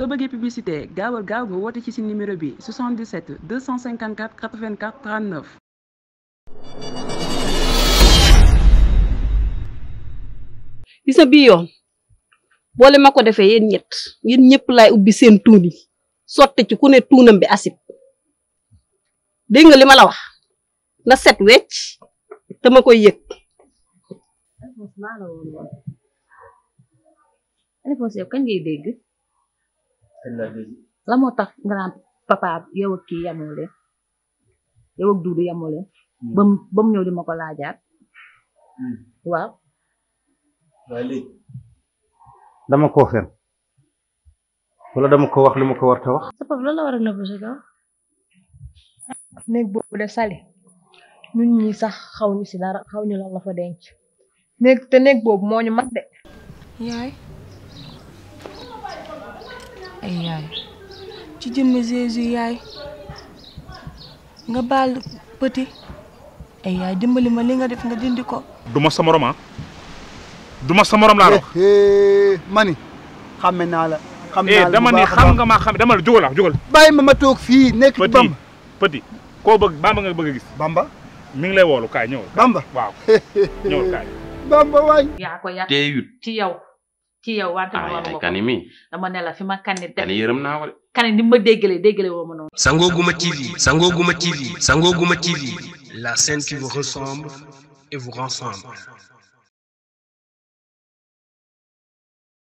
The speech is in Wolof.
soo bëggee publicité gaawal gaaw nga woote ci si numéro bi 77 254 84 39. gis na bii yoon boole ma ko defee yéen ñett yéen ñëpp laay ubbi seen tuun yi sotte ci ku ne tuunam bi acide dégg nga li ma la wax na set wecc te koy yëg. Alphonse kañ ngay dégg. la moo tax nga naan papa yow ak kii yamoo leen yow ak Duudu yamoo leen. ba mu ba mu di ma ko laajaat. Hmm. waaw. waaye dama ko wax li ma ko war wax. sa papa lan la war a nëbb de sali ñun ñi sax xaw ñu si dara xaw ñu lan la fa denc néeg te néeg boobu moo de. yaay. ay yaay ci jëmm Jésus yaay nga baal petit ay dimbali ma li nga def nga dindi ko. du ma sa morom ah du ma sa laa wax. Eh, eh, mani xàmme naa la. xam eh, naa dama ni xam nga maa xam dama la jógal ah jógal. bàyyi ma ma toog fii nekk ci bamba petit koo bëgg bamba nga bëgg gis. bamba mi ngi lay woolu kaay ñëwal. bamba waaw ñëwal kaay. bamba yow. ci yow wante ma war kani mi dama ne la fi ma kani def kani yërëm naa wala kani ni ma déggale déggale woo ma noonu Sango Gouma TV Sango Gouma TV Sango Gouma TV la scène qui vous ressemble et vous rassemble